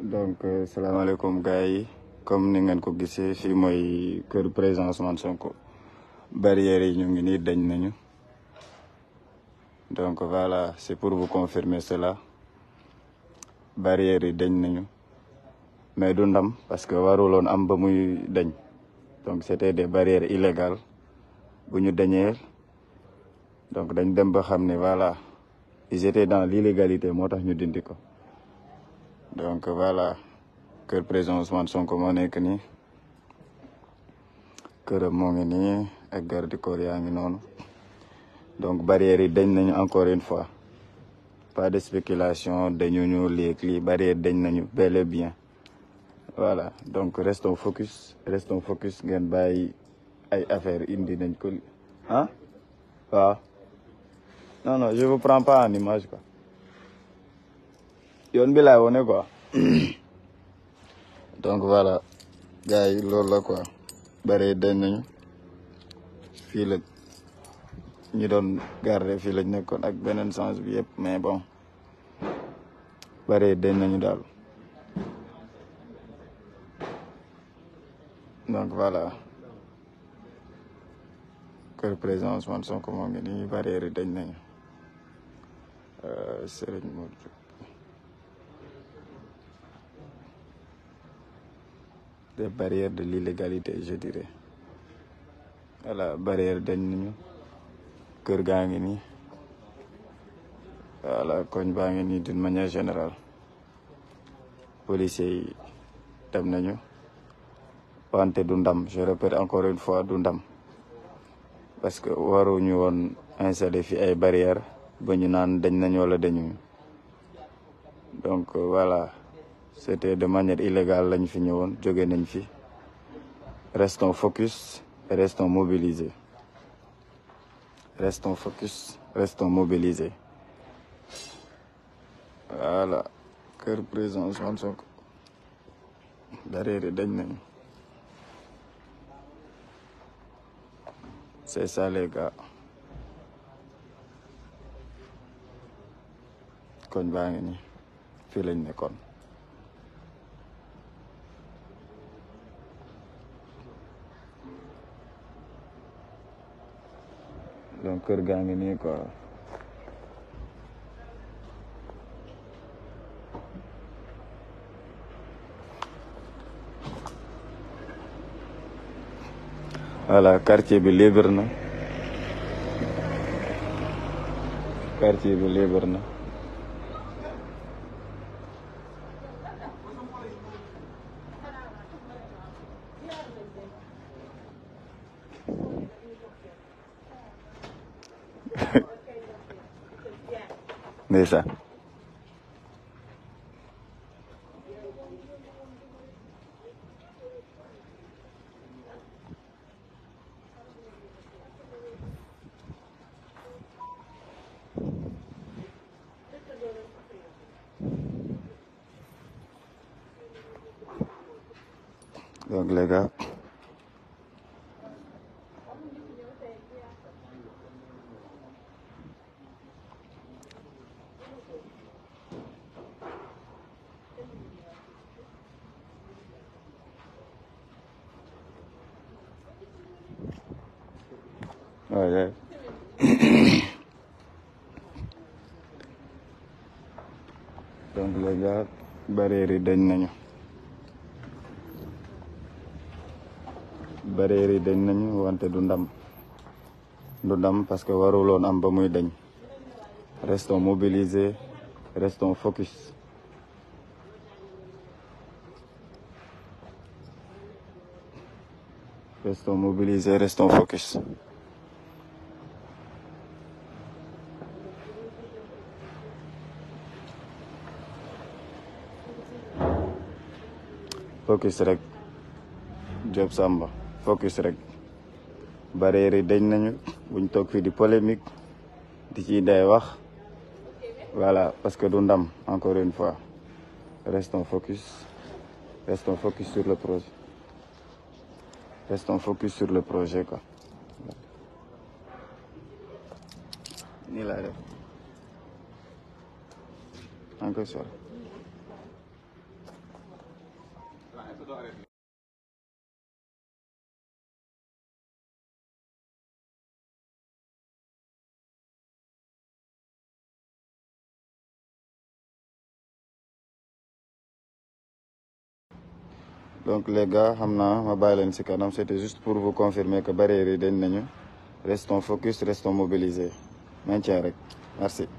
donc euh, salaamaaleykum gars yi comme ni ngeen ko gisee fii mooy kër président Ousmane Sonko barrières yi ñu ngi nii dañ nañu donc voilà c'est pour vous confirmer cela barrières yi dañ nañu mais du ndam parce que waruloon am ba muy dañ donc c'était des barrières illégales bu ñu dañee donc dañ dem ba xam ne voilà ils étaient dans l'illégalité moo tax ñu dindi ko donc voilà kër président Ousmane Sonko moo nekk nii këram moo ngi nii ak garde corps yaa ngi noonu donc barrières yi dañ nañu encore une fois pas de spéculation dañu ñu léeg lii barrière dañ nañu bel et bien voilà donc restons focus restons focus ngeen bàyyi ay affaire indi nañ ko ah waaw non non je vous prends pas en image quoi yoon bi laay wone quoi donc voilà gars yi loolu la quoi bare dañ nañu fii la ñu doon garder fii lañ nekkoon ak beneen change bi yëpp mais bon bare dañ nañu daal donc voilà kër président Ousmane Sonko moo ngi nii barrière dañ nañu euh, Serigne des barrières de l'illégalité je dirais voilà barrière deñ nañu kër gaa ngi nii voilà koñ baa ngi nii d'une général générale yi dem nañu wante du ndam je répète encore une fois du ndam parce que waruñu woon installer fi ay barrières ba ñu naan deñ nañu wala deñu donc voilà c'était de manière illégale lañu fi ñëwoon jóge nañu fi reston focus reston restons reston restons focus restons mobilisés voilà kër président Ousmane Sonko dareeri dañ nañu c'est ça les koñ baa ngi nii fii lañ nekkoon donc kër gaa ngi nii quoi voilà quartier bi libre na quartier bi libre na ndeysaan donc les gars Öyle. Oh, donc les dañ nañu barrières deñ nañu wante du ndam du ndam parce que waruloon am ba muy deñ reston mobilisés reston focus restons mobilisés reston focus focus rek Diop Samba focus rek barrières yi dañ nañu buñ toog fii di polémique di ci day wax voilà parce que du ndam encore une fois restons focus restons focus sur le projet restons focus sur le projet quoi nii laa def donc les gars xam na ma bàyyi leen ci kanam c'était juste pour vous confirmer que barrières yi dañ nañu restons focus restons mobilisés maintien rek merci